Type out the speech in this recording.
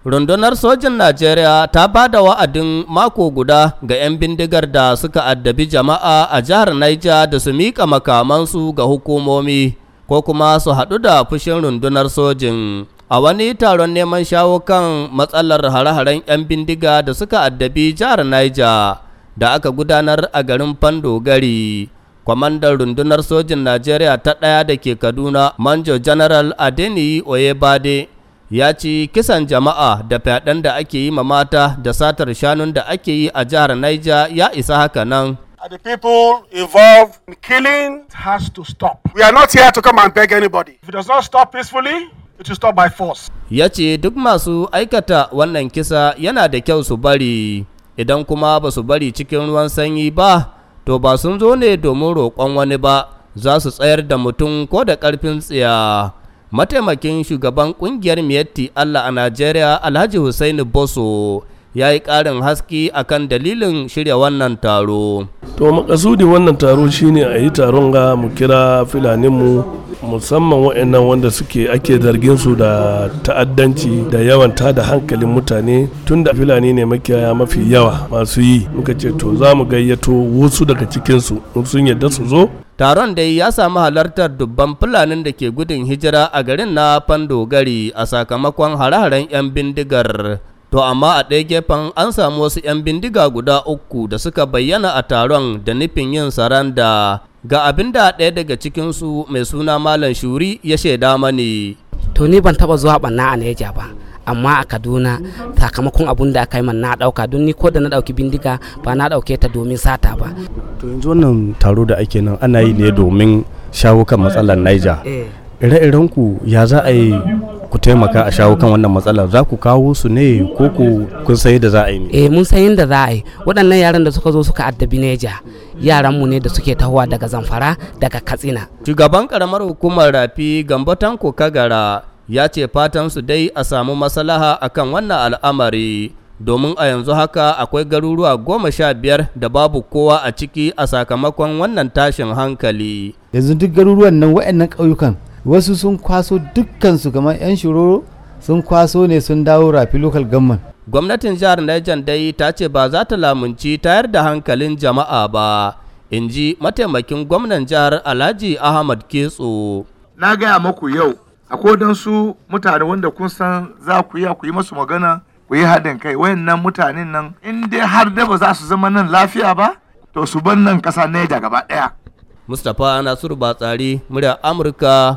rundunar sojin najeriya ta ba da wa'adin mako guda ga 'yan bindigar da suka addabi jama'a a jihar Niger da su miƙa makamansu ga hukumomi ko kuma su haɗu da fushin rundunar sojin a wani taron neman shawo kan matsalar hare-haren 'yan bindiga da suka addabi jihar Niger da aka gudanar a garin Fando Gari, kwamandan rundunar sojin najeriya ta ɗaya da ke kaduna manjo general adeni oyebade ya ce kisan jama'a da fyaɗen da ake yi ma mata da satar shanun da ake yi a jihar Niger ya isa haka nan. the people involved in killing has to stop. We are not here to come and beg anybody. If it does not stop peacefully, it will stop by force. Ya ce duk masu aikata wannan kisa yana da kyau su bari, idan kuma ba su bari cikin ruwan sanyi ba, to ba sun zo ne domin roƙon wani ba, za su tsayar da mutum ko da ƙarfin tsiya. mataimakin shugaban kungiyar miyatti Allah a Najeriya Alhaji Hussaini Boso ya yi ƙarin haske akan dalilin shirya wannan taro. To makasudi wannan taro shine a yi taron ga mu kira filaninmu musamman waɗannan wanda suke ake zargin su da ta'addanci da yawan tada hankalin mutane tun da fulani ne makiyaya mafi yawa masu yi muka ce to za mu gayyato wasu daga cikinsu sun yadda su zo taron dai ya samu halartar dubban fulanin da ke gudun hijira a garin na gari a sakamakon hare-haren 'yan bindigar to amma a ɗaya gefen an samu wasu 'yan bindiga guda uku da suka bayyana a taron da nufin yin saranda Ga abin da ɗaya daga cikinsu mai suna Malam Shuri ya shaida mani. To ni ban taɓa zuwa ɓanna a Neja ba. amma a kaduna sakamakon abun da aka yi man na ɗauka don ni ko da na ɗauki bindiga ba na ɗauke ta domin sata ba to yanzu wannan taro da ake nan ana yi ne domin shawo kan matsalar niger eh. ire irenku ya za a yi ku taimaka a shawo kan wannan matsalar za ku kawo su ne ko ku kun sayi da za a yi eh mun san da za a yi waɗannan yaran da suka zo suka addabi neja yaran mu ne da suke tahowa daga zamfara daga katsina shugaban karamar hukumar rafi gambatan tanko kagara ya ce fatan su dai a samu maslaha akan wannan al'amari domin a yanzu haka akwai garuruwa goma sha biyar da babu kowa a ciki a sakamakon wannan tashin hankali yanzu duk garuruwan nan wa'annan ƙauyukan wasu sun kwaso dukkansu kamar 'yan shiroro sun kwaso ne sun dawo rafi local government gwamnatin jihar Niger dai ta ce ba za ta lamunci tayar da hankalin jama'a ba in ji mataimakin gwamnan jihar alhaji ahmad ketso na gaya maku yau akwai don su mutane wanda kun san za ku yi ku yi masu magana ku yi haɗin kai wayannan mutanen nan in dai har da ba za su zama nan lafiya ba to su ban nan ƙasa ne da gaba ɗaya mustapha nasiru batsari murya amurka